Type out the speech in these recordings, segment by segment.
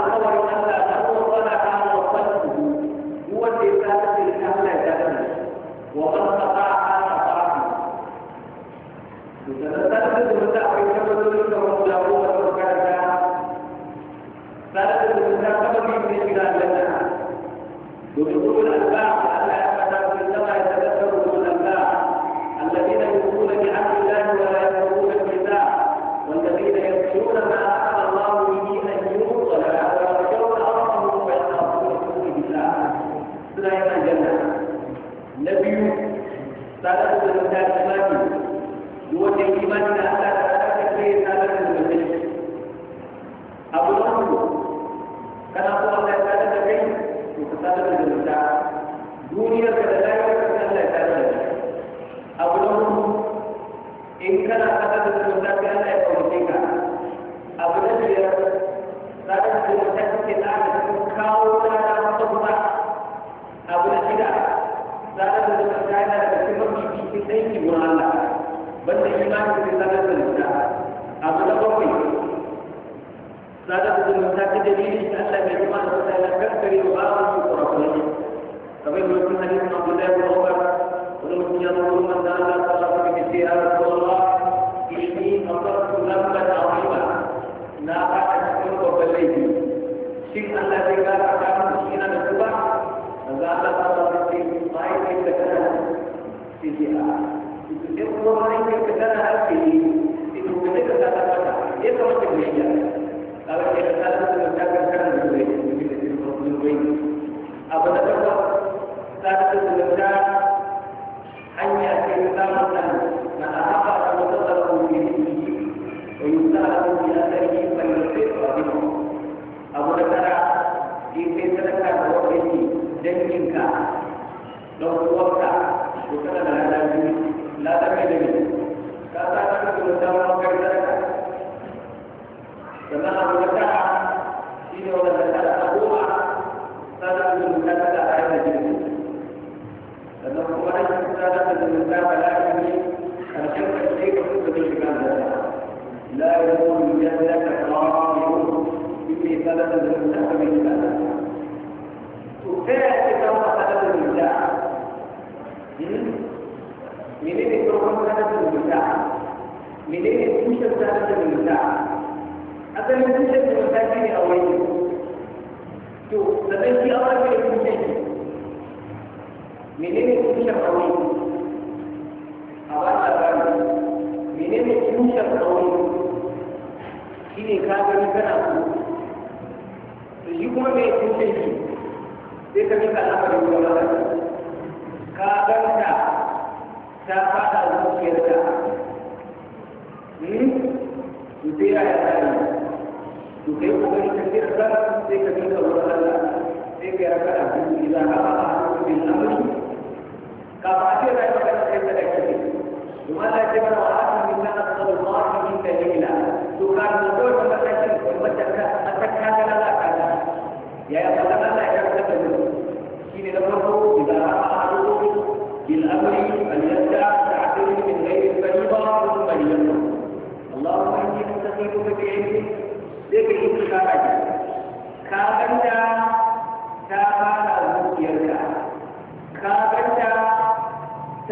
القول ألا تقول صدق وصدقه هو الذي كانت وقد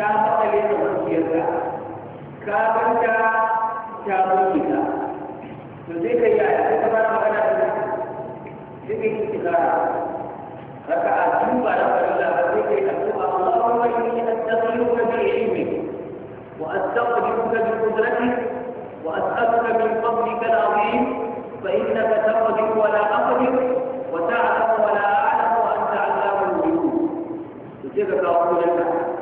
ka taɓa lera zuciyarka ka banta ta mulki ka to sai ka yi a cikin ka fara magana da ka sai ka yi istikara raka a cikin ba na farilla ba sai ka yi addu'a Allahumma inni astaghfiruka bi ilmik wa astaghfiruka bi qudratik wa as'aluka min fadlika al-azim fa innaka taqdir wa la aqdir wa ta'lam wa la a'lam wa anta 'allamu al-ghuyub to sai ka kawo kullaka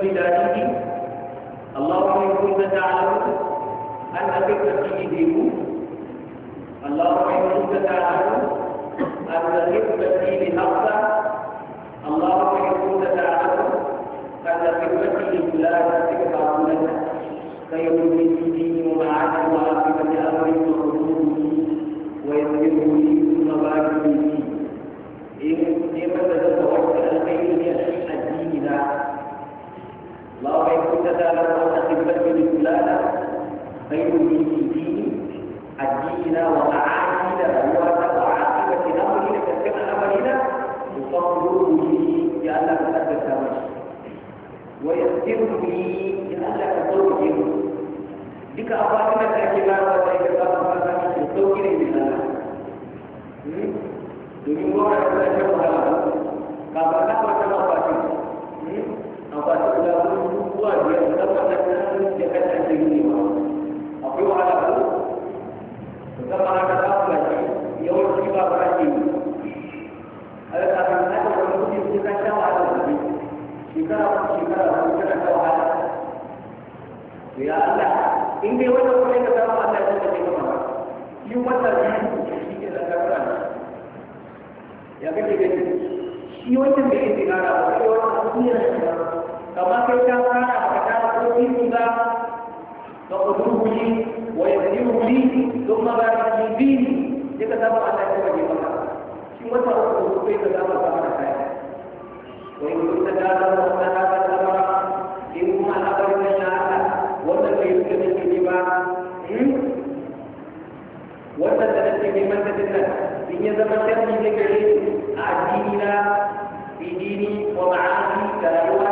في بدايته اللهم إن كنت تعلم أن ذكر الله يقول تعالى إن كنت تعلم أن الله يقول تعالى إن كنت تعلم لا ذكر فيه فلانك تعلمك فيكون في ديني ومعاك وعاقبة أمري وحدوده ويذكره لي ثم بارك لي فيه إن إيه؟ لم تتوكل الخير اللهم إن كنت تعلم أن قبلتي لفلانا خير من ديني أدينا وأعادنا وعاقبة أمرنا كتب أمرنا يفضله لي لأنك أدت وجهي ويسر لي لأنك ترجم بك أفاتنا الأجبار والإجبار والإجبار التوكل من الله domin gwamnati ta ce wa kafin na kwata mafafi shi wancan da yake gara a cewa a kira shi كما كنت كان فكان توفيق الله فقدوه لي ويسيره لي ثم بارك لي ديني على كل مكان شو على كل وإن كنت تعلم أن هذا الأمر إنما الأمر من الله وتلك يمكن الكذبة وتتلك بمن إن يزم الشر من ذكره في ديني ومعاني كلاهما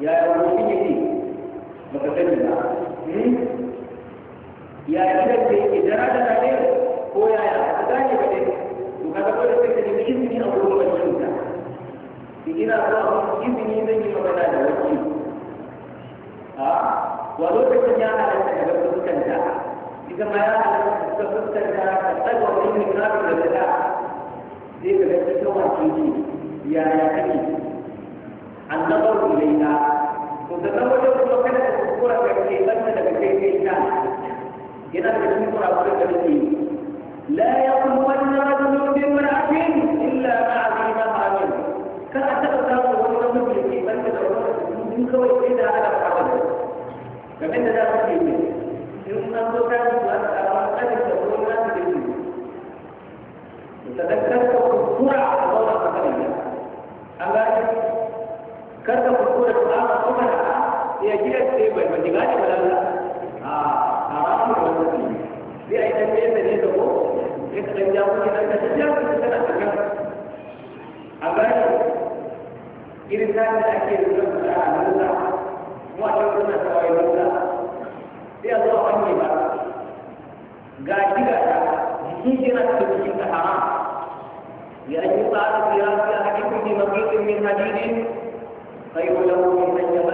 ya yi wani shi ne? baka sani ba hmm? ya gidan da yake jara da tare ko ya ya a gane ba dai to kaga ko da kake da izini a wurin wajen ka ina so a izini zan yi magana da wani a wa lokacin ya halatta da ga fuskanta ita ma ya halatta da fuskanta ta tsaga wani da ta da zai ga ta tsawa kiki yaya kake النظر إليها وتزوج وكانت تذكر تكليفا بكيف كان إذا تذكر أبوك لا يقومن رجل بامرأة إلا مع ذي مهر كما تقدر وتقول لك بل منك وإذا على الحوادث فمن ذا تكليف إن أنت كان تذكر bai ba diga ne ba da a haramun da wannan sai a yi ɗan ɗaya da ne da ko ya ka ɗan jawo ne ɗan ɗan jawo ne tana a kan a gani irin tsarin da ake yi don da a nuna kuma a ɗan suna tawaye nuna sai a zuwa wani ba ga shi ga ta jikin yana cikin jikin ta haram لأن يطعن في رأس أحدكم بمقيط من حديد خير له من أن يبلغ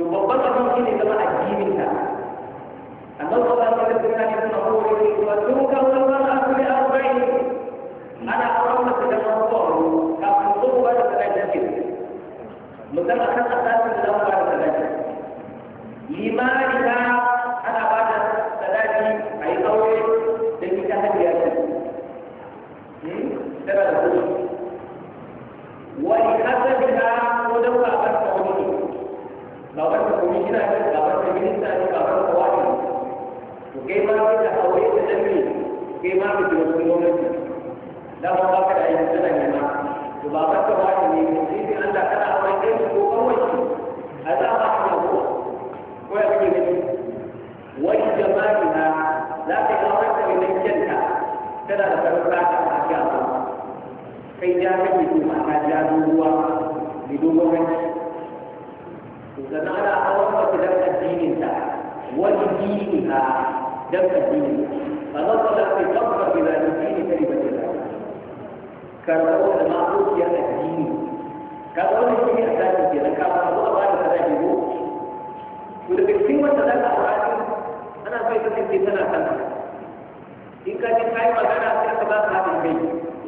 to babban abin shi ne zama addinin ka annabi sallallahu alaihi wasallam ya ce ko ne ba tun ka wani ba a kuma arba'in ana auren mace da masu tsoro kafin su ba da sadaka ce musamman kan asasin da ba da sadaka limani ta ana ba da sadaki a yi aure da ita hajjiya جنب الدين فنظر في قبر إلى الدين كلمة الله كرروا المعروف يا الدين كرروا الدين أساس الدين كرروا الله تعالى يقول ولكن في مثلا أوراق أنا فايت في سنة سنة إن كان كاي مكان أسير كبار هذا البيت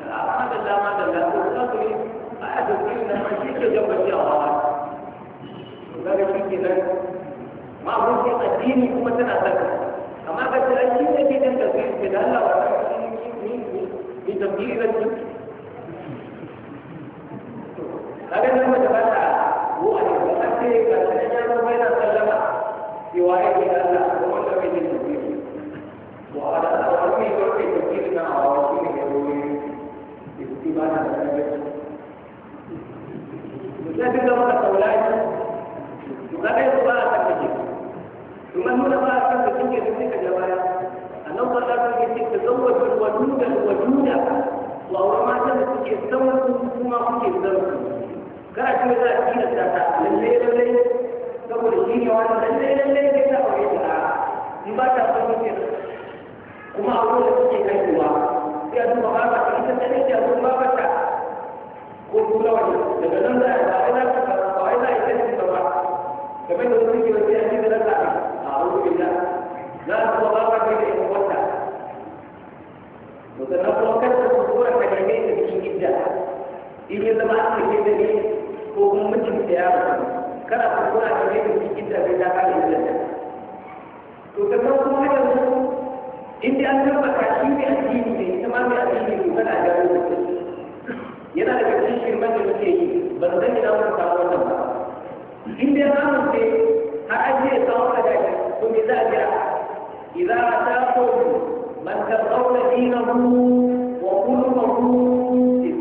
ما دلنا ما دلنا وصلت لي أحد الدين ما شيء جنب الشيء هذا وذلك في ما هو الدين هو مثلا أساس بدالة ولا مين مين مين لكن لما تبقى هو أن يبقى كان بين سلمة في واحد من الله هو شبه التفكير وعلى أرمي شبه التفكير مع رسول الهروي اتباعنا لكن لما تقولان لكن يبقى تفكير ثم هنا nuna wa nuna wa wa matan da suke saman uma kuma kuke zan su está ce za a kira ta ta lalle lalle saboda shi ne wani lalle lalle ke ta aure ta in ba ta son kuke kuma a wurin da kuke kaiwa sai a duba ba ta ita ta ne ta duba ba ta ko tura wani daga nan za a ba za ta ba wai za a yi ta ba kamar da wani ke wasu yanzu da za a aure ta za a duba ba ta ne da ita wata sannan kuma kar ka kuskura ka game da cikin idda in ya zama an kake da ne ko kuma mutum da yaro ka game da cikin ta kare idda to sannan kuma har yanzu in dai an tabbata shi ne addini ne mai addini ne tana da rubutu yana da cikin shirman da muke yi zan yi ba in ya samu ta من ترضون دينه وخلقه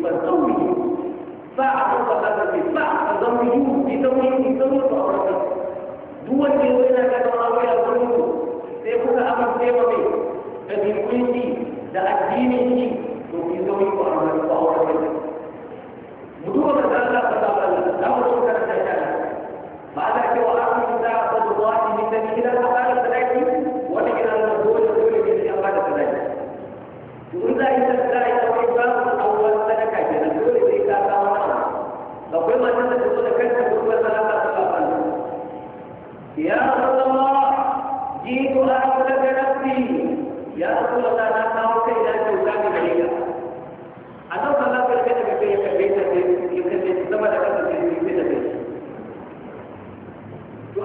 فزوجه فاعرض هذا بالفعل فزوجوه بزوجه بزوجه فأورثه دول جوينا كما أوي أقوله سيكون أمر سيبوي فبيقولي ده أديني وفي زوجه فأورثه مدوبة مسألة فتابة الله لا أقول لك أنا بعد كده وأعطي مساعدة الله من سبيل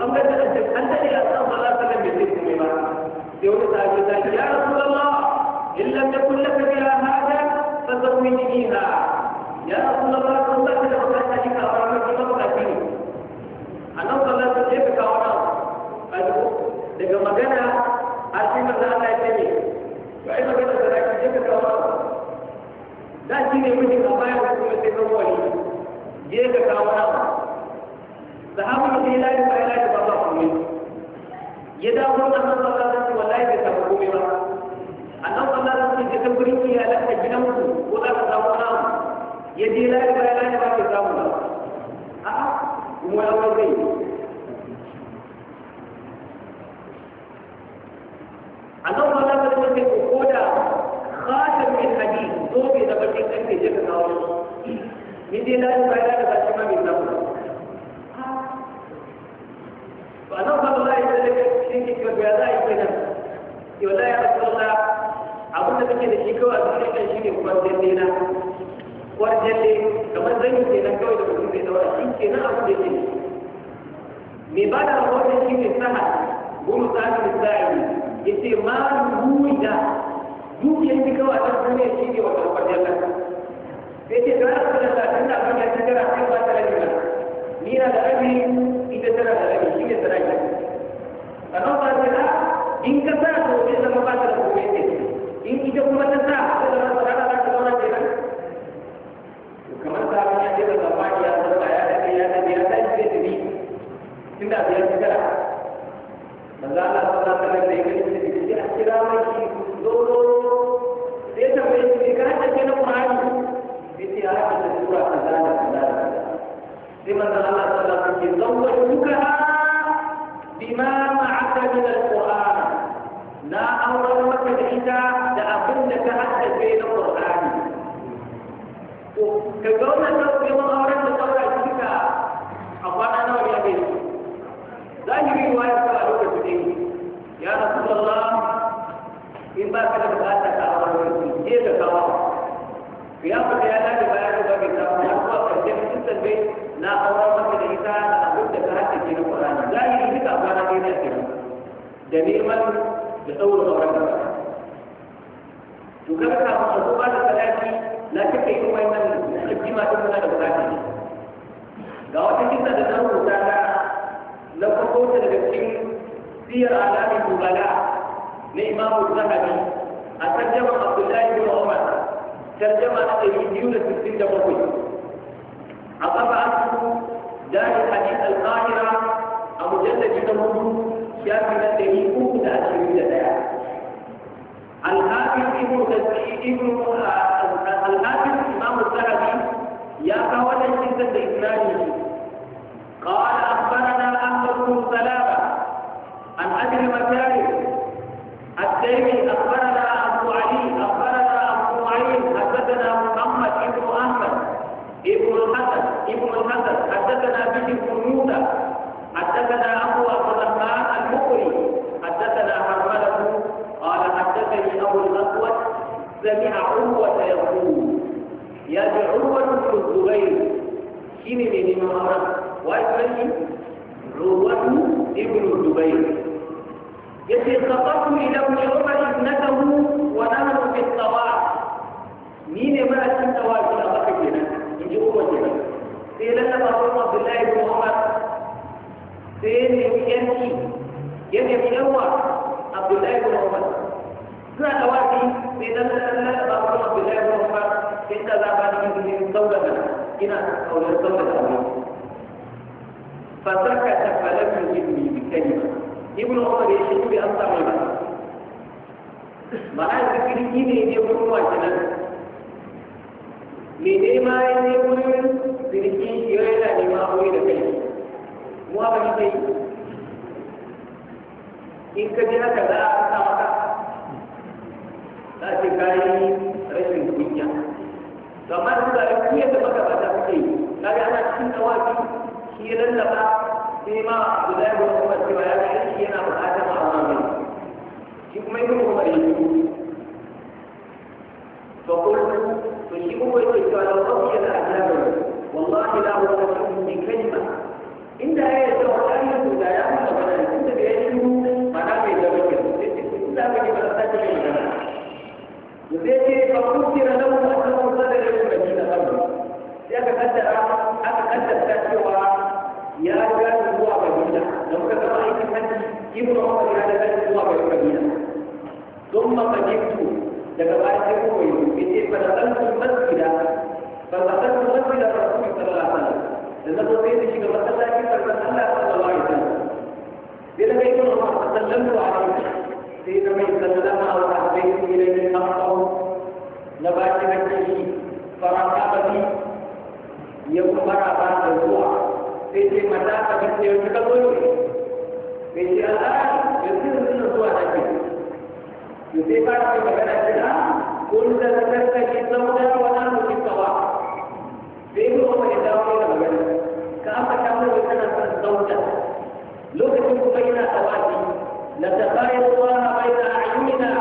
an ga da an da ya san Allah sallallahu alaihi wasallam bai kuma ba sai wani sahabi ya ce ya rasulullah in lam yakul laka biha hada fa zawwijniha ya rasulullah kun ba ka da bukata ki kawo ran ki bukati ne annabi sallallahu alaihi wasallam ya kawo ran daga magana har sai manzo Allah ya ce ne wai magana da zaki je ka kawo da shi ne mutum a bayan kuma sai ka wani je ka kawo ran sahabu ne ya yi maka da ita da abin da ta haddace na Qur'ani ka ga wannan sauƙi mun auren da saura shi ka a kwana nawa ya bai zahiri wa ya fara lokaci ne ya Allah in ba ka da bukata ka auren shi je ka kawo ya fita ya dace bayan ka bari ta ya kuwa karshe mutum tambe na auren maka da ita da abin da ta haddace na ki zahiri duka kwana ɗaya na kenan da neman da ɗaura auren da to kaga ka ba ko ba da sadaki na take yi wannan kima din kana da bukata ne ga wata kisa da zan rubuta na na farko ta daga cikin siyar alamin dubala na imamu zahabi a tarjama abdullahi bin umar tarjama na ɗari biyu da sittin da bakwai a kafa asu jari hadis al-qahira a mujallabi na hudu shafi na ɗari uku da ashirin da ɗaya الحافظ ابن ابن الحافظ الامام الذهبي يا قولا جدا باسناده قال اخبرنا احمد بن سلامه عن اجل المكارم التيمي اخبرنا ابو علي اخبرنا ابو معين حدثنا محمد ابن احمد ابن الحسن ابن الحسن حدثنا به بن موسى حدثنا ابو عبد الرحمن المقري سمع عروة يقول يا عروة بن الزبير كين من المهارة وأسمعي عروة ابن الزبير يسي خطبت إلى ابن عمر ابنته ونهر في الطواف مين ما أتي الطواف إلى بكتنا من جهوة جهة سيلا لما عبد الله بن عمر سيلا يمشي يمشي أول عبد الله بن عمر سنة واحدة Ka dan Allah ta ba mu Abdullahi ibn Umar inda za ba ni izini ina fa saka ta bi Umar ya shi bi mai ba ne ne me ne ma da kai mu ba ni kai in ka ji haka za a sa maka za a ce kayi rashin kunya kamar da ya kuya da maka bata kuke kaga ana cikin dawaki shi ya lallaba sai ma Abdullahi bin Umar cewa ya ga shi yana buƙatar ma'amma mai shi kuma yake kuma da shi to kullu to shi kuma yake cewa da wani yana ajabar wallahi la wa'lamu bi kalima inda ya yi da wani ayyuka da ya fara bana inda da ya yi mana mai zama kenan sai da kake ba ta ce وذلك فقدر له أنه صدر يوم الدين أولا لأنك قدر أنك قدر تأتيها يا رجال الله مدينة لو كتب عليك الحج ابن عمر على ذلك الله مدينة ثم قدمت لك بعد يوم فدخلت المسجد فدخلت المسجد الرسول صلى الله عليه وسلم لأنه قيل شيء مثلا كيف مثلا صلى الله عليه وسلم لأنك يقول الله سلمت عليه sai mai sallama wa albaytu ilayhi haqqahu na ba ya kuma ba da zuwa sai ce mata ka bi ce ka zo ne sai ce al'ada zuwa da ke to sai ba ka magana ce na kun da sai ko kuma ya dawo da magana ka aka ta mu kana son lokacin kuma yana tawaki نتخيل الله بين أعيننا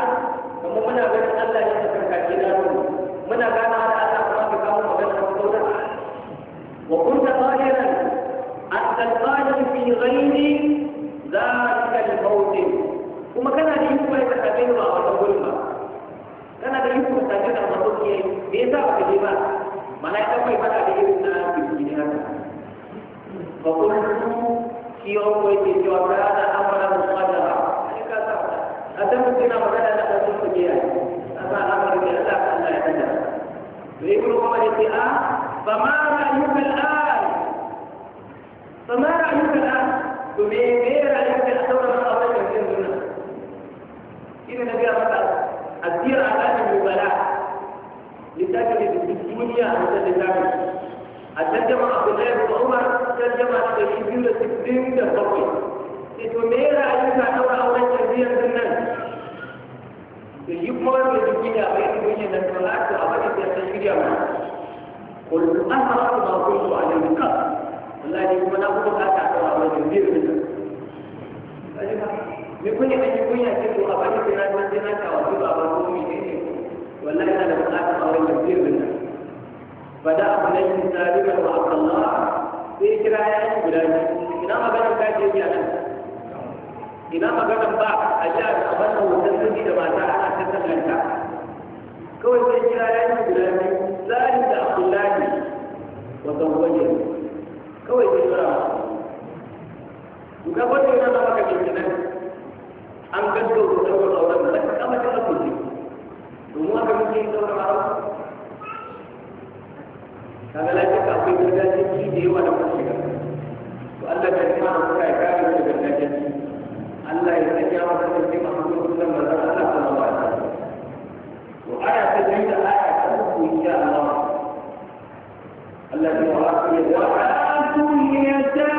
kamu mana gani Allah ya saka kaki na mu muna gana da Allah kuma ka kawo magana ka kawo da wa kunta qadiran hatta qadir fi ghairi zalika al-maut kuma kana da iko ka saka ni ba wannan gurin ba kana da iko ka saka da mutum ke me yasa baka je ba malaika bai fada da irin na bibi ne haka fa qul القارئة فما رأيك الآن فما رأيك الآن تبيني رأيك أدور ما أولئك الجنة إذا نبي أفضل الدير على النبلاء لتجد الدنيا عند الإسلام عبد الله بن عمر ترجمة تجيبين لتكريم الضوء تتمير رأيك أدور أولئك الجنة da shi kuma da duniya bai duniya da talaka a قل أثرت ما كنت عليه قبل والله يجب أن أقول لا تعتبر على كثير منه يكون أن يكون يأتيك أبدا في ناس من دينك وأصيب أبدا من والله أنا لم أعتبر على كثير منه بدأ بنجم سالما وعبد الله في كراية بلاد إنما بدأ كاتب يانا ina maganan ba a ji a wannan hoton da mata ana tattalanta kawai sai kira abdullahi da abdullahi wa zawwaje kawai ke tsara ga wanda yana maka kinkinan an gaggauta sauran auren da ka kama ta asibiti domin haka muke yin sauran auren kaga lafiya ka akwai gargajiyanci da yawa da kuma shiga to Allah ya kama da kuka ya kare mu da gargajiyanci Allah ya sanya maka da kuma لفي وعلى كل يتامى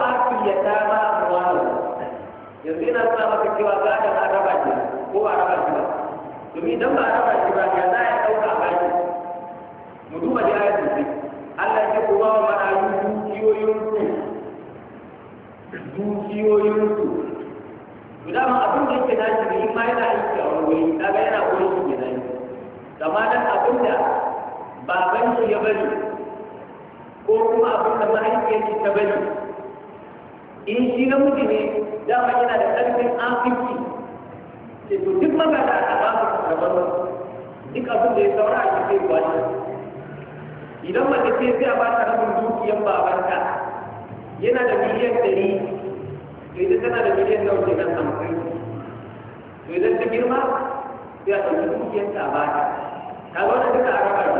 ati yatama amwalu yanzu yana nuna maka cewa za ka na raba shi ko ba raba shi ba domin idan ba raba shi ba ya za ya ɗauka a baki mu duba da ayat sosai Allah ya kuma wa marayu dukiyoyinsu dukiyoyinsu to dama abin da yake nashi ne in ma yana aiki a wani wuri kaga yana wani shi ke nashi kama dan abin da baban shi ya bari ko kuma abin da mahaifiyar shi ta bari in shi namiji ne dama yana da ƙarfin aminci ce to duk magana a ba su gaban duk abin da ya saura a cikin gwani idan mace ce sai a ba ta rabin dukiyan babarka yana da miliyan ɗari to idan tana da miliyan nawa kenan hamsin to idan ta girma sai a ɗauki dukiyan ta ba ta ta zo da duka a raba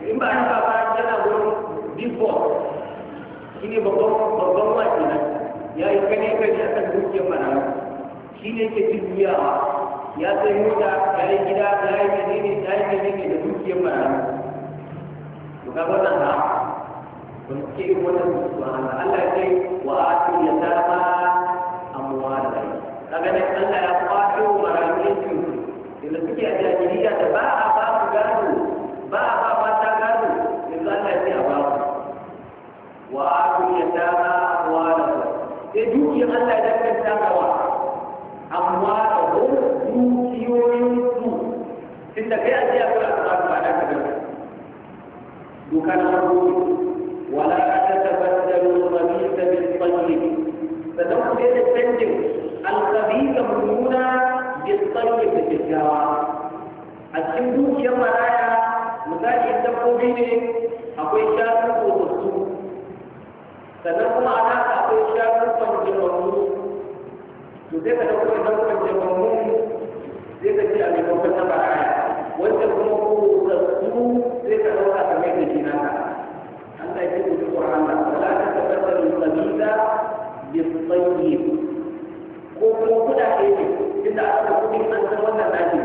ne in ba a raba ba yana gurin big boss shi ne babban babban wa kenan ya yi kane kane a kan dukiyar marayu shi ne ke cin biya, ya sai mota ya yi gida ya yi menene ya yi menene da dukiyar marayu to ga wannan ha don ke yi wannan subhana Allah ya ce wa atu yatama amwala kaga ne Allah ya kwato marayu ne su da suke a jahiliya da ba a ba su gado ba a ba ta gado yanzu Allah a ba su wa atu يجوز ألا لك الدعوة أموالهم دوكيوينسو تلك يأتي أقول أسرار ما لك بك دوكان مربوط ولا تتبدل الخبيث بالطيب فدوك يتسجل الخبيث مؤمنا بالطيب بالجواب السندوك يا مرايا misali dabbobi ne akwai shanu ko wasu sannan kuma a nasa akwai shafukan jimanmu to sai ka ɗauko shafukan jimanmu sai ka ce a maimakon na baraya wanda kuma ko da ka ɗauka ka mai da jina ka Allah ya ce ku ji Qur'an da wala ta tabbatar sabila bisayyib ko kuma kuɗaɗe ne inda aka kuɗi an san wannan nashi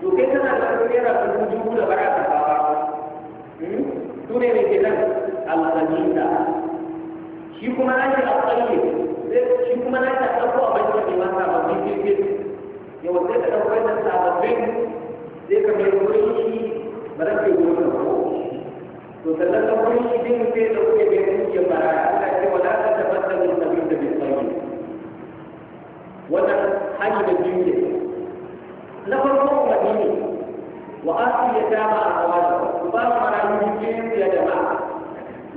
to kai kana da naira dubu dubu da bara ta kawo su ne ne ke nan al-sabila shi kuma na shi a tsaye shi kuma na shi a ɗauko a bai sani ma sababbin jirgin yau sai ka ɗauko da sababbin sai ka mai wurin shi ba za ka yi wurin ko to sannan ka wurin shi din sai da kuke mai kuke fara ana cewa za ka tabbatar da sabbin da bai tsaye wannan hali da biyu na farko umarni ne wa asu ya dama a kawai ba marayu jirgin ya jama'a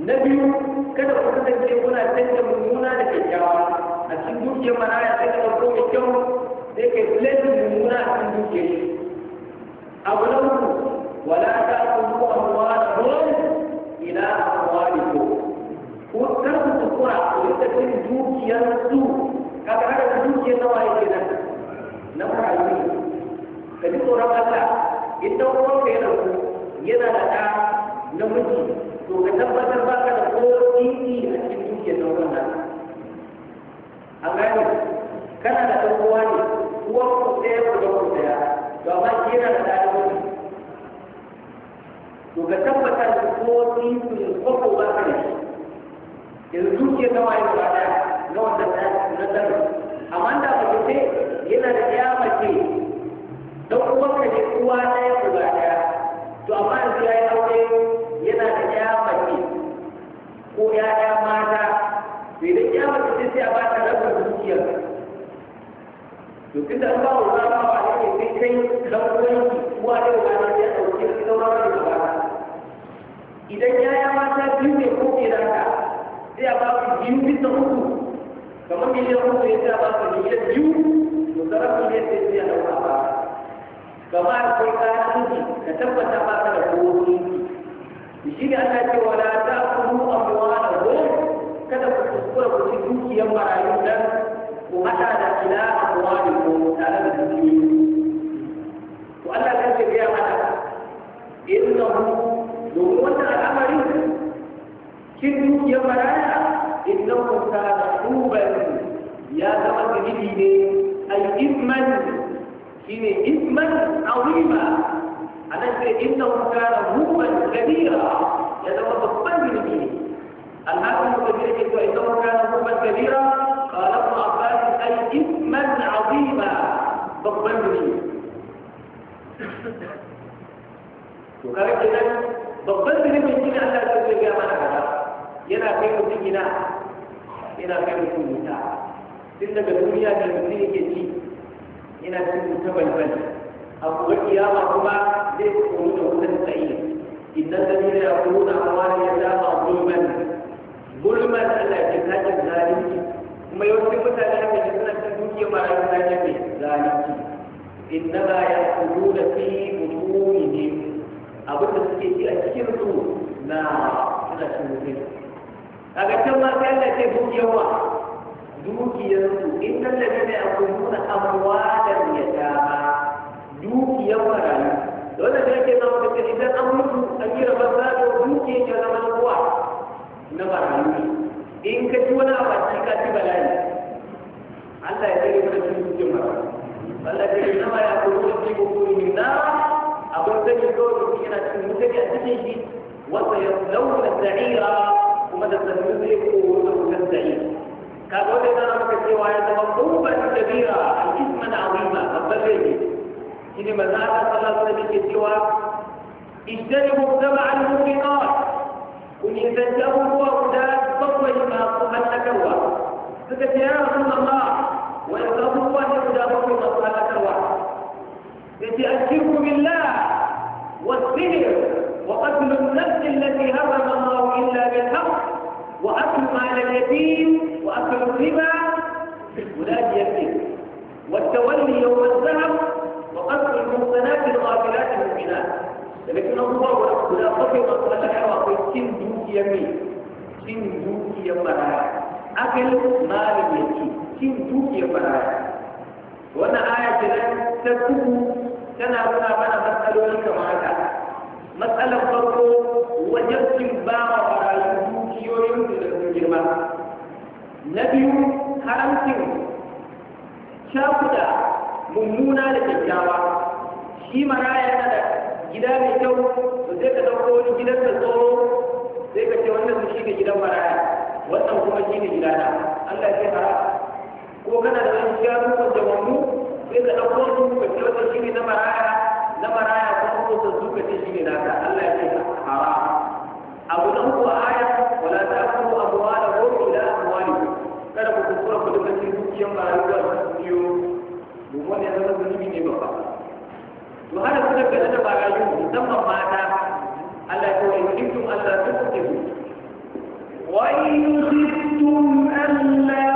na biyu kada ku kasance kuna canza mummuna da kyakkyawa a cikin dukiyar maraya sai ka ɗauko mai kyau sai ka yi mummuna a cikin dukiyar abu na uku wala ta kuma amwalahum ila amwalikum ko kar ku tsora ku ta cin dukiyar su kaga haka dukiyar nawa yake nan na yi ka ji tsoron Allah idan wanda ya ku yana da ɗa namiji to ka tabbatar ba ka da ko titi a cikin dukiyar nan wannan an gane kana da ɗan uwa ne uwan ku ɗaya ku da ku ɗaya to amma shi yana da ɗan uwa to ka tabbatar da ko titi ko ko ba ka da shi yanzu dukiyar nawa ya ba ɗaya na ɗaya dukiyar to da an ba wa rana ba ne kai kai dan uwanki uwa da rana ya dauke ki zama da gaba idan yaya mata biyu ne ko ke da ka sai a ba ku biyu bisa uku kamar miliyan uku ya sa ba ku miliyan biyu to sarrafa ne sai ya a dauka ba gama akwai kayan ka tabbata ba ka da kowa shi ne ana cewa la ta kudu amwalahum kada ku kuskura ku ci dukiyar marayu dan ومشى إلى أقوالهم تعالى المسلمين وألا كذب يا مدى إنه دون الأمر كنت يا مرايا إنه كان حوبا يا زمن جديد أي إثما شيني إثما عظيما أنا إنه كان حوبا كبيرا يا زمن بطل جديد الحاكم الكبير إنه كان حوبا كبيرا قال ابن عباس اي اثما عظيما ضمنني وقال كده ضمنني من دين لا تبقى يا من هذا ينا في مدينة ينا في مدينة سنة الدنيا من مدينة كتير ينا في مدينة بل أقول يا مرحبا ليس قولنا وزن سعيد إن الذين يقولون أموال يتاقى ظلما ظلما على يتاقى ظالمين kuma yawancin mutane haka ne suna cin dukiyar marayu na jami zalunci innama ya kudu da fi butunihim abin da suke ci a cikin su na suna cin mutum a ga can ma sai Allah ce dukiyar wa dukiyar su in tallafi ne a kuduna amwalar yatama dukiyar marayu dole ne yake zama da idan an mutu an yi rabar zaɓe dukiyar ya zama na kowa na marayu in ka ci wani abaci ka ci bala'i Allah ya tsare mana cikin cikin mara Allah ya yi nama ya kuma wani cikin kuma min na abin da ke kawai mutum yana cikin mutane a cikin shi wata ya launa sa'ira kuma da sannu zai kowa da wutar sa'ira ka ga wanda yana maka cewa ya zama kumban kabira a isman azima babban laifi shi ne maza ta sallar da ke cewa اجتنبوا سبع الموبقات ونيفن له الله ويقرب وقتل النفس التي هرم الله الا بالحق واكل مال اليتيم واكل الربا ولاد يتيم والتولي يوم الذهب وقتل المحصنات الغافلات المؤمنات da cikin abubuwa guda bakwai masu halakawa akwai cin dukiyar mai cin dukiyar maraya akalin malin ya ce cin dukiyar maraya wannan aya ce ta kuku tana nuna mana matsaloli kamar haka matsalar farko wajen cin ba wa marayu dukiyoyin da sun girma na biyu haramcin cakuda mummuna da kyakkyawa shi maraya yana da gida mai kyau to sai ka ɗauko wani gidan da tsoro sai ka ce wannan shi ne gidan maraya wannan kuma shi ne gidana Allah ya fara ko kana da wani gano ko wani sai ka ɗauko wani ka ce wannan shi ne na maraya na maraya kuma ko su ka ce shi ne naka Allah ya ce fara abu nan ko aya wala ta ku amwala ko ila amwali kada ku kusura ku duka cikin marayu da su biyo mu ne zama zunubi ne ba to hana su daga da barayu musamman mata Allah ya kawai mutum Allah ya kuka wa in kuntum Allah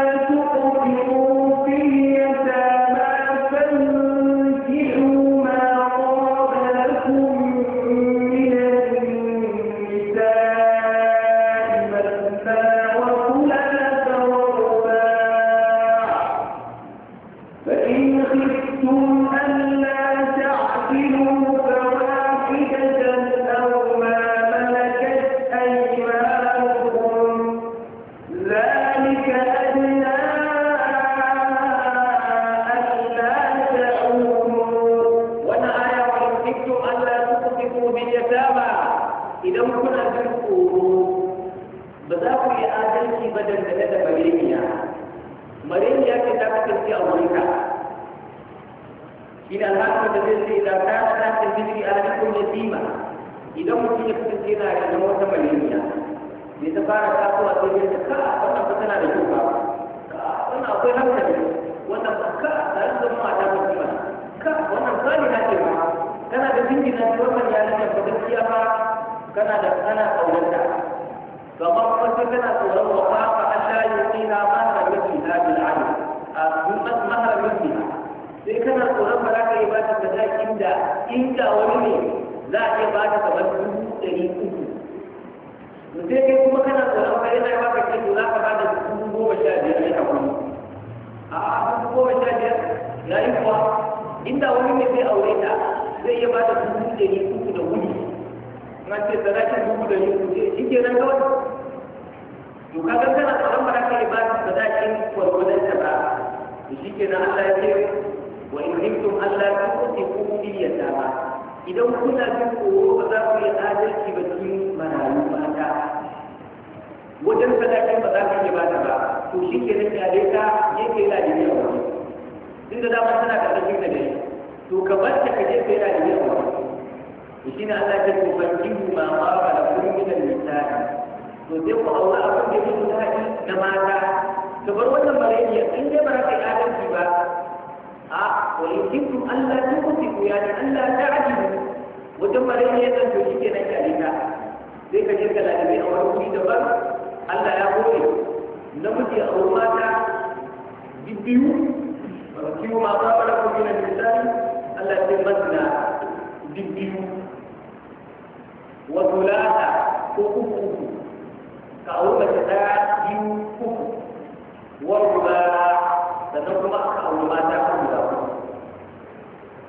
aure ta zai iya bada dubu da ni uku da wuni na ce sadakin dubu da ni uku ce shi ke nan kawai to kaga kana tsaron ba za yi iya bada sadakin gwargwadon ta ba to shi ke nan Allah ya ce wa in riktum Allah ku ce ku biya ta ba idan kuna jin tsoro ba za ku yi adalci ba cikin marayu ta. wajen sadakin ba za ka ba ta ba to shi ke nan ya dai ta yake yana da yawa tunda dama tana da ƙarfin da gari. to kamar ta kaje kai da iya ba shi ne Allah ya ce ban ma ma ba da kun da misali to sai ku aure abin da yake da haɗi da mata to bar wannan bareni ya dai ba ka yi adalci ba a ko in kuntum Allah ya kuci ku ya ni Allah ta ajibu wajen ya nan to shi ke nan kyale ta sai ka je ka lalabe a wani wuri ba. Allah ya na namiji a wurin mata biyu ba kiwo ma ba ba da kun gida misali Allah ya ce masna bibbiyu wa thulatha ko uku uku ka auri mace ɗaya biyu uku wa ruba sannan kuma ka auri mata ka guda uku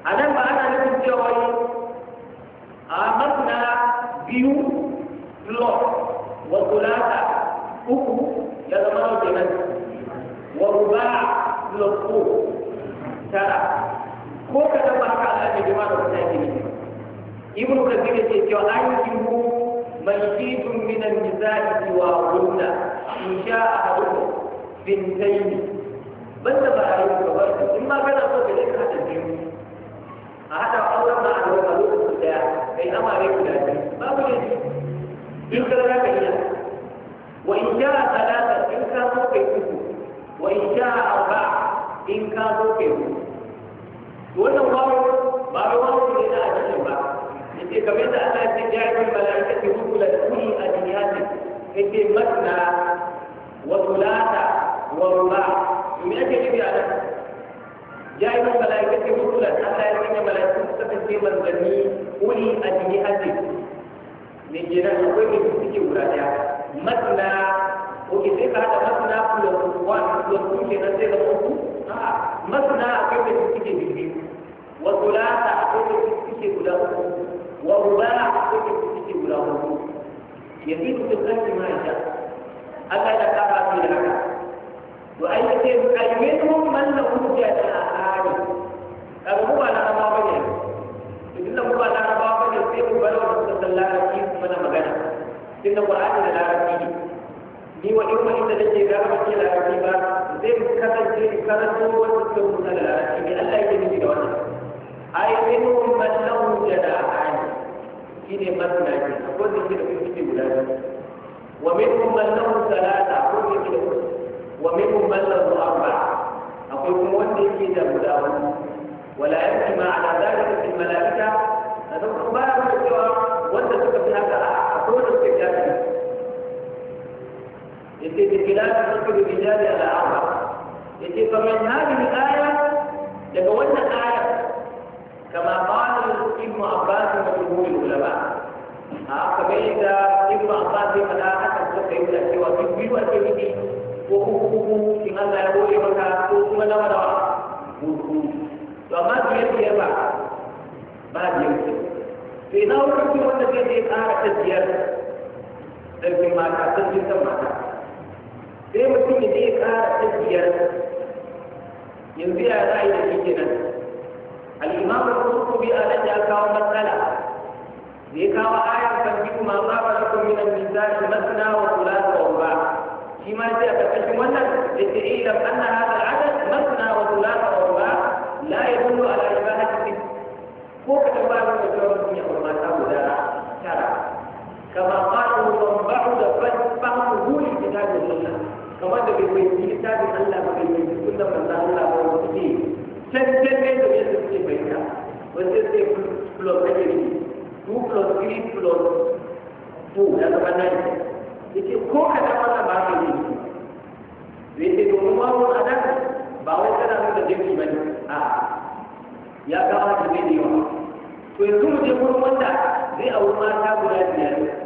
a nan ba ana nufin cewa a masna biyu lot wa thulatha uku ya zama nauke nan wa ruba lot uku tara ko ka dan ba haka jama'a da kusa ke ibn kathir yake cewa ayyukin ku man min an-nisa'i wa qulna in sha'a ahadukum bintayn banda ba a yi gaba in ma kana so ka je hada biyu a hada auren ma a gaba lokacin daya kai amare guda biyu babu ne in ka za ka wa in sha'a talata in ka so kai uku wa in sha'a arba'a in ka so kai uku wannan wawo ba da wawo ne na addini ba yace kamar da Allah ya ce ya yi mala'ika ta rukula da kuli a duniyati yace masna wa thulatha wa ruba me yake nufi a nan ya yi mala'ika ta rukula Allah ya sanya mala'ika su kasance manzanni kuli a duniyati ne kenan akwai ne suke guda daya oke sai ka haɗa masana plus one plus two ke nan sai da uku masana akwai da suke bibi wa sulasa akwai da suke guda uku wa ruba akwai da suke guda uku yazidu bi qalbi ma yasha Allah ya kara su da haka to ai sai ayyuhum man lahu jada ahadi kaga mu ba na ba bane idan mu ba na ba bane sai mu bar wannan sallallahu alaihi wasallam magana tunda Qur'ani da larabci ne ni wa in wani da nake da amince da rafi ba zai kasance in karanto wata sauran na lalaci ne Allah ya nufi da wannan ai minhum man lahu jada'an shine masna ke ko da ke da kuskure guda wa minhum man lahu salata ko da ke da wa minhum man lahu arba'a akwai kuma wanda yake da guda wani wala yamti ma ala zalika fil malaika da kuma ba da cewa wanda suka fi haka a'a يتي بخلاف ترك بمجال على أربعة يتي فمن هذه الآية يتولى الآية كما قال ابن عباس وجمهور العلماء آه، فبعد ابن عباس فلا أحد يقول سوى تكبير الكبير وحكمه في هذا يقول لك ثم لا ولا وما بيده يبع ما بيده فإذا وقفت وقت يدي الآية تزيد لكن ما تعتزل كما تعتزل sai mutum ya je ƙara tafiyar yanzu ya za a yi da shi kenan al'imam da kuma a nan ya kawo matsala da kawo ayar kan kuma ma ba da kuma minan misali masana wa kula da ba shi ma sai a ƙarƙashin wannan da ke ilam an na hada al'adad masana wa kula da ba la ya dullo ala ibadati ko ka ta ba da mutum ya kuma mata guda tara kama qalu man ba'da fa fahmuhu li kitabi Allah kamar da bai bai yi tabi Allah ba bai bai yi da manzo Allah ba wanda suke ne da yadda suke bayyana wanda sai plus ake ne 2 plus 3 plus 2 ya zama 9 yake ko da wannan ba ka yi da yake domin wani adam ba wai kana nuna jami ba ne a ya kawo da zai da yawa Ko yanzu mu je wurin wanda zai auri mata guda biyar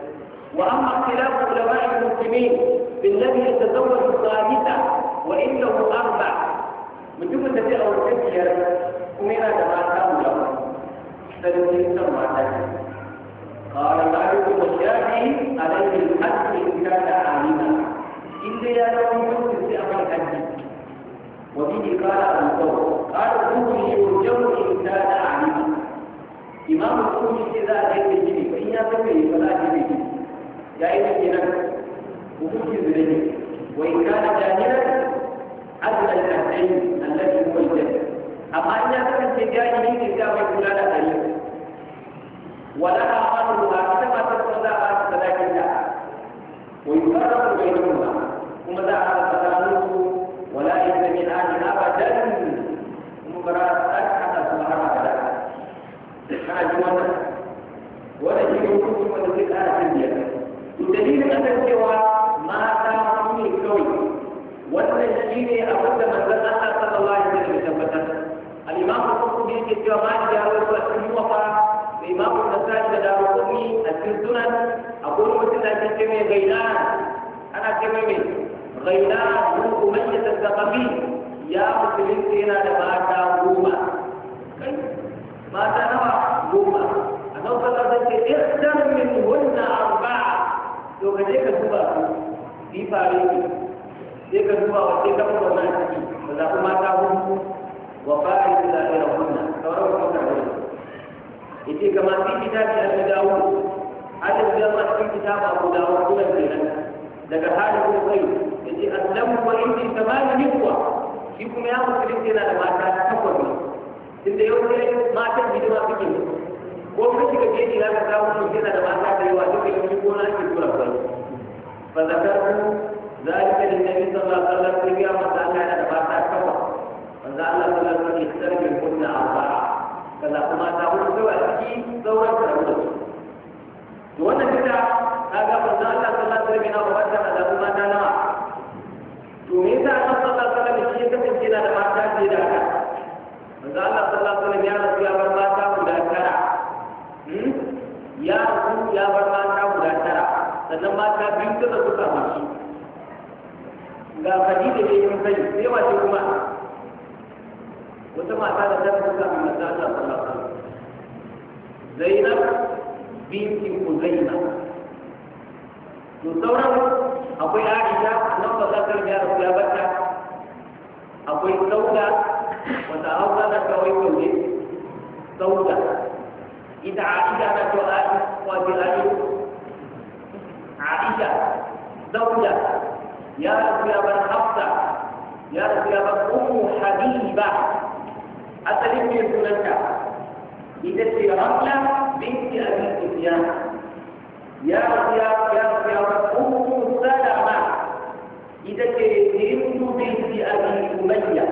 وأما اختلاف علماء المسلمين بالذي يتزوج الثالثة وإن له أربع من جملة التي هي امير جماعة أولى سنتين سمعتها قال مالك الشافعي عليه الحد إن كان عالما إلا يوم يمكن في أمر الحج وبه قال القول قال كوني يرجو إن كان عالما إمام الكوفي إذا أتيت به فإن يتبه فلا تبه ya yi kenan hukuncin zunubi wa in kana jahilan adla al-ahdain allati huwa al-jannah amma in ya kasance jahili ne ga mai kula da dari wala amalu ba ita ma ta kuma za a ba ta sadakin ta wa yufarraqu bainahuma kuma za a ba ta su wala yadda min ahli abadan kuma ba za a hada su har da. kana ji wannan wannan shi ne hukuncin wanda zai kara cin biyar dalilin kasancewa mata su ne kawai wannan shi ne abin da manzon Allah sallallahu alaihi wasallam tabbatar al-imam al yake cewa ma da a cikin wafa da imam an-nasa'i da ni a cikin sunan akwai mutum da ake cewa gaidan ana cewa mai gaidan ko umayya tasaqafi ya musulunci yana da mata goma mata nawa goma a nan sallallahu alaihi wasallam ya min ihdan min to ka je ka duba su yi fare ne sai ka duba wa sai kafa na ciki za ku mata hudu wa fari su zaɓi da hunna sauran kuma ka gani yace kama fi kitabi an dawo hadin da ma cikin kitaba ku dawo kuma kenan daga hali ko kai yace aslamu wa indi tamanu nikwa shi kuma ya musulunci yana da mata takwas ne tunda yau sai matan hidima suke musu ko kuma shiga ke ila ka samu mun yana da mata da yawa duka yin shi gona ake kula ba fa zakaru zalika lin nabi sallallahu alaihi wasallam ya mata ka yana da mata ka ba wanda Allah sallallahu alaihi wasallam ya kunna alba kana kuma ta wuce zuwa ciki sauran ta wuce to wannan kida kaga wannan Allah sallallahu alaihi wasallam ya ba ta da kuma ta nawa to me yasa Allah sallallahu alaihi wasallam ya kace yana da mata ce da ka wanda Allah sallallahu alaihi wasallam ya rubuta ba ta guda tara Hmm? ya rasu ya bar mata guda tara sannan mata biyu suka suka mace ga khadija ne kun sani sai wace kuma wata mata da ta suka mace ta Allah sallallahu alaihi wasallam Zainab binti Huzaina to sauran akwai Aisha nan ba za ta ya rasu ya bata akwai Sauda wata Hausa da kawai kawai Sauda إذا عائشة تسأل وتسأل عائشة زوجة يا رب يا من حفصة يا رب يا من أم حبيبة أسألك من سنتك إذا رملة بنت أبي سفيان يا رب يا رب يا رب أم سلمة إذا كنت بنت أبي أمية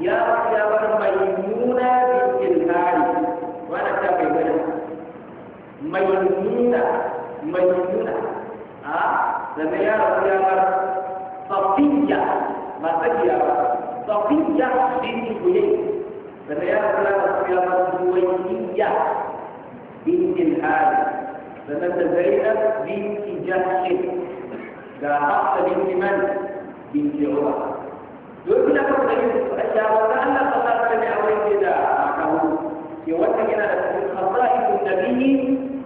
يا رب يا بن ميمونة مجنونة مجنونة ها لما يرى يرى صفية ما تجي صفية بنت جويل لما يرى يرى جويلية بنت الحارث لما تزينب بنت جهش ده حفصة بنت من؟ بنت عمر duk da kuma da yin a shawarar Allah ba za ta ne a wani da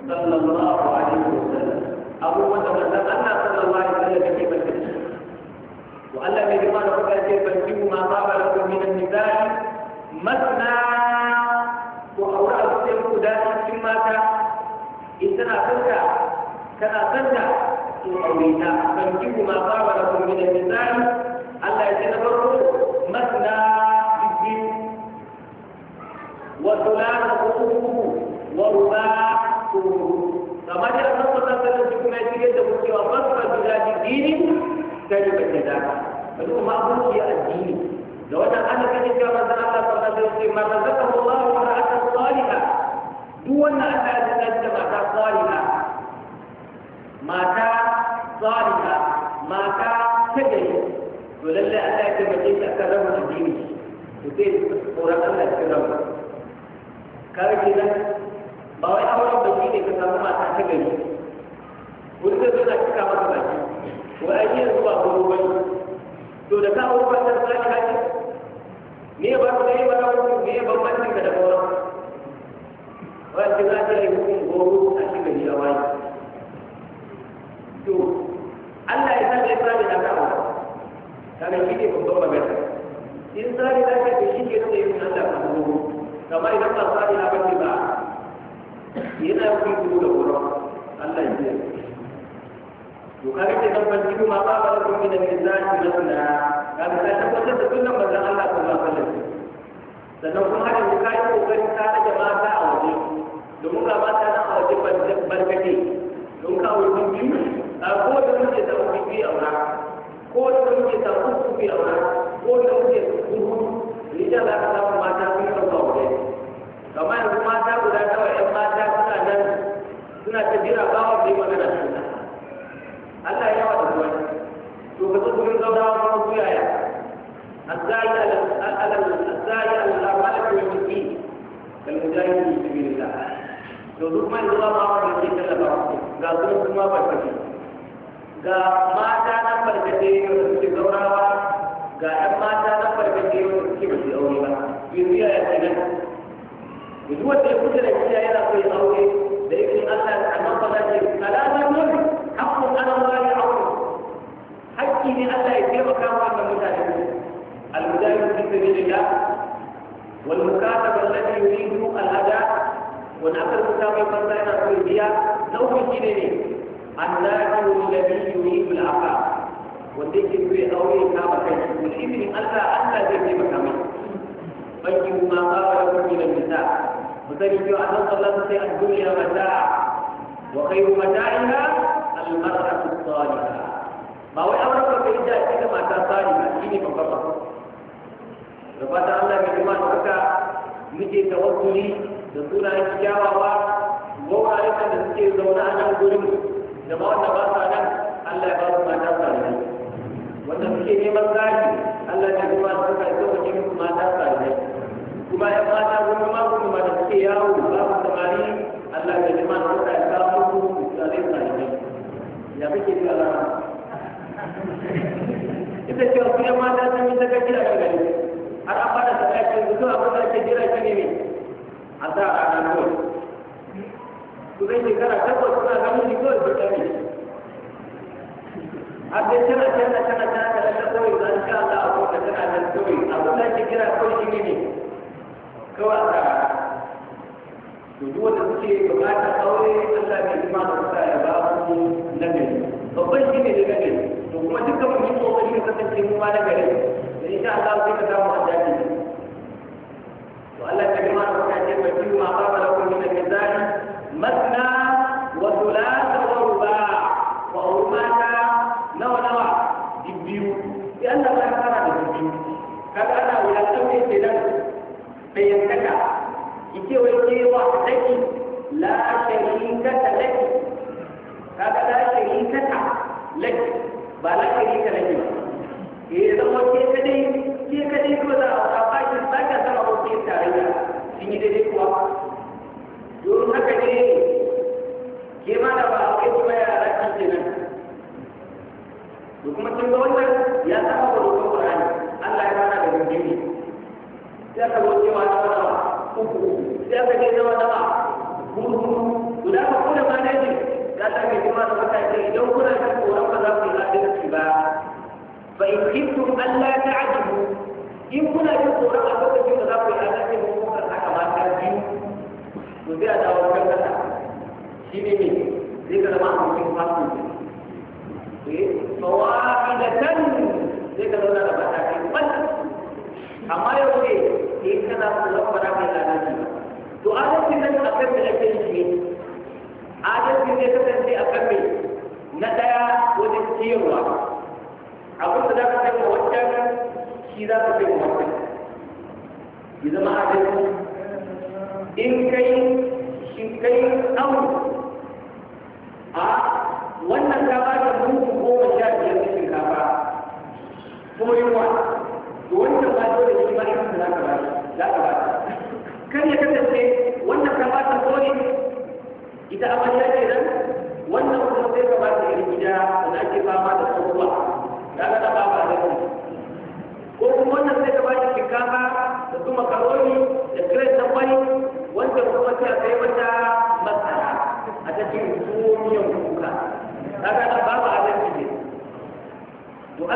صلى الله عليه وسلم أبو بكر تمنى صلى الله عليه وسلم كيف تكشف وأن لم يجمع لكم كيف تكشف ما طاب لكم من النساء مثنى وأوراق السيف دائما مما إذا كنت كما كنت أولينا فانكح ما طاب لكم من النساء ألا يتنفروا مثنى بالدين وثلاث قلوبهم فلو ما أبوك يا الدين لو أن أنا كنت كما زال الله صلى الله عليه وسلم ما رزقه الله امرأة صالحة دون أن أتزوج ماتا صالحة ماتا صالحة ماتا تجري ولله أن يتمكن أكرم الدين وكيف قرأت الله كرم كارجنا ba wai auren baki ne ka samu mata ta gari wani zai zo na cika masa baki to da ka hau fatar sa ka ce me ba ka yi ba me ba ka da ba ki za ka yi hukun goro a cikin a wani to Allah ya san da ya sani na kawo kaga shi ne magana in sani za shi ke sai yin Allah ka goro kamar idan ba sani na ba ce ba yana hukun da Allah ya yi to kaga ke nan cikin ma ba ba da kuma da na masana kaga ta tabbatar da sunan manzon Allah sallallahu alaihi sannan kuma haka ku kai kokari tare rage mata a waje domin ga mata na a waje barkake don kawo sun biyu a kowace muke samu bibi a ko kowace muke samu uku biyu a wura kowace muke ni rijal za ka samu mata sun ɗauka waje kamar yanzu mata guda nawa 'yan mata suna nan suna ta jira bawa bai magana suna Allah ya wada ruwa to ka zo gurin gaudawa kuma ku yaya azai al-alal azai al-amal wa yuqi kal mujahid fi sabilillah to duk mai zuwa ma wanda ke talaba ga gurin kuma barkace ga mata na barkace wanda suke gaudawa ga ɗan mata na barkace wanda suke ba su aure ba yanzu yaya kenan duk wanda ya kusa da shi yana so ya aure da yake Allah ya annabawa ce salamun ان الا يتبقى وان المجاهد المجاهد في سبيل الله والمكاتب الذي يريد الاداء ونعتبر كتابه فرزانه التربيه لو في جنين الذاكر الذي يريد العقاب وذكر في قوله كما كان يقول ابن الله ان لا تجد مكانه فجر ما قال لكم من النساء وذلك ان الله في الدنيا متاع وخير متاعها المراه الصالحه ba wai auren farko idda ce da mata tsari ba shi ne babban ba da fatan Allah mai kuma haka muke tawakkuli da sunayen kyawawa wuraren da suke zaune a nan gurin da ma wanda ba sa nan Allah ya ba su mata tsari wanda suke neman tsari Allah ya kuma haka ya sauke musu mata tsari kuma ya mata wani makon da suke yawo ba su samari Allah ya kuma haka ya kawo musu tsari tsari ya kake kala ita ce wasu yan mata sun yi daga kira shi gani har an fara saka shi yanzu abin da ake jira shi ne ne a sa a ranar kawai su zai shekara takwas suna ganin shi kawai ba ta ne a bai tana tana tana ta kawai za ta sha a kota tana kawai abin da ake kira kawai shi ne ne kawai a sa to duk wanda suke bukatar aure Allah bai ji ma da ya ba su nagari babban shi ne da to kuma dukkan mu yi kokari mu kasance mu ma na gari da insha Allah sai ka samu addini to Allah ta jama'a ta ce fa ma ba lakum min al-mizan masna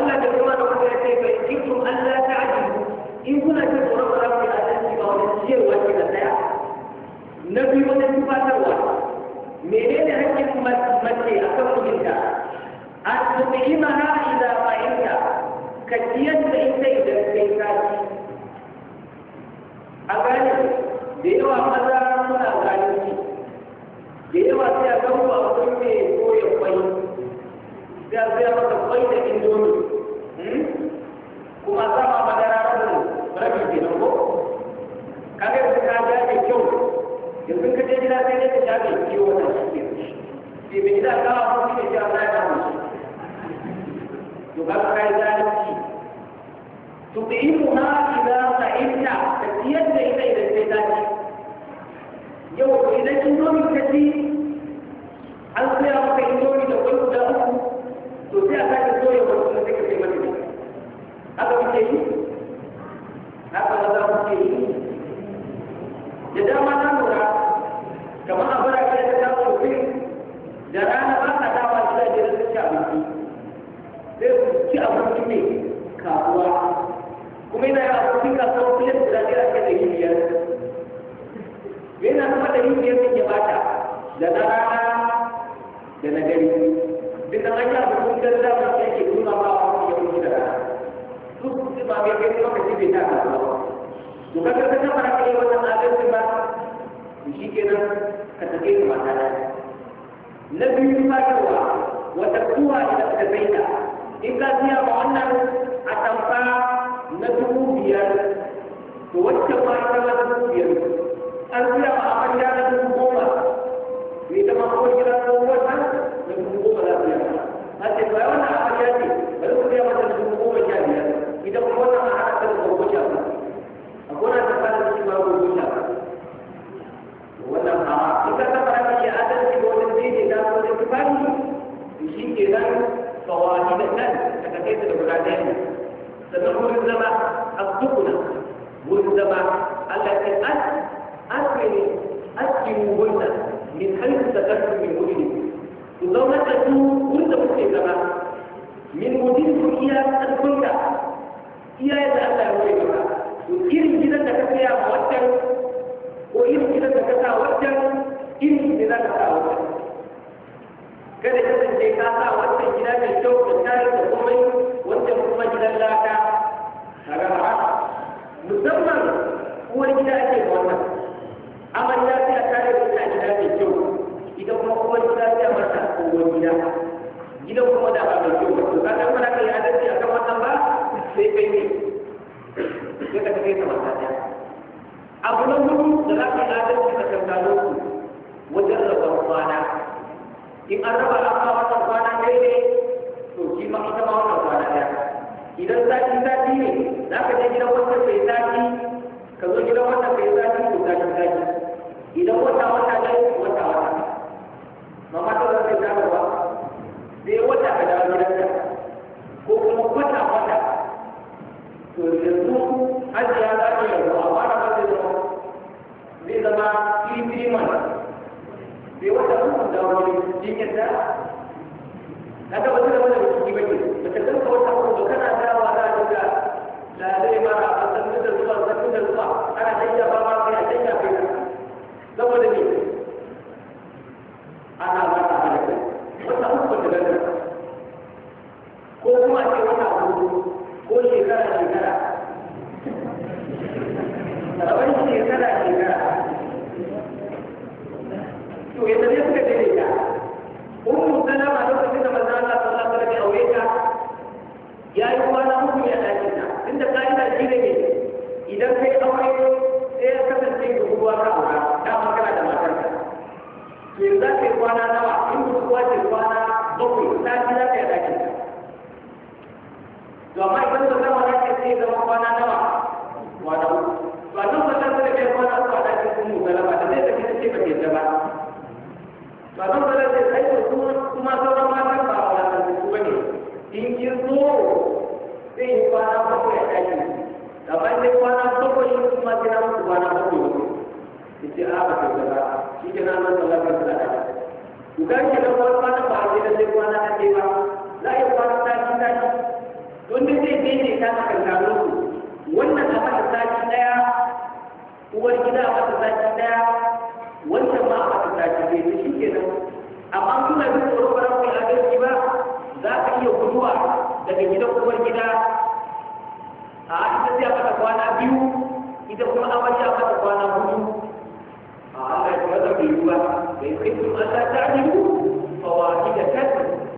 Allah ta kuma da kuma ya ce ذكرها وتكتوها إذا اكتفينا إن كان فيها مؤنث أتنفع ندعو بيد ووجه ما ندعو بيد أن فيها مأمنة ندعو بوما إذا ما هو إلى قوة ندعو بوما لا فيها أنت فيونا أحياتي فلو فيها ما ندعو بوما جانيا إذا ما هو ما حدث ندعو بوما جانيا أقول أن هذا الشيء ما هو بوما جانيا ولا ما فن shi ke nan kawai da nan daga kai da guda ɗaya ne sannan wurin zama abdukuna wurin zama Allah ce an asiri asiru wanda min halittu da ƙarfi min wuri ku zauna da su wurin da kuke zama min wuri su iya ƙarfinka iya yadda Allah ya wuri gaba to irin gidan da ka saya wancan ko irin gidan da ka sa wancan irin gidan da ka sa wancan kada ya kasance ka sa wannan gida mai kyau da tare da komai kuma gidan laka a gaba musamman uwar gida ake da wannan sai da gida mai kyau kuma uwar gida a mata uwar gida gidan kuma da ba mai kyau to kai adalci akan wannan ba sai kai ne ka kai ta mata abu na hudu da za yi adalci ka tantalo wajen rabar kwana in an raba aka wannan kwana ɗaya ne to shi ma ita ma wannan kwana ɗaya idan sati sati ne za ka je gidan wannan kai sati ka zo gidan wannan kai sati ko sati sati idan wata wata ne wata wata mama ta zan kai zaka ba sai wata ka dawo gidanka ko kuma wata wata to yanzu hajjiya za ta yanzu a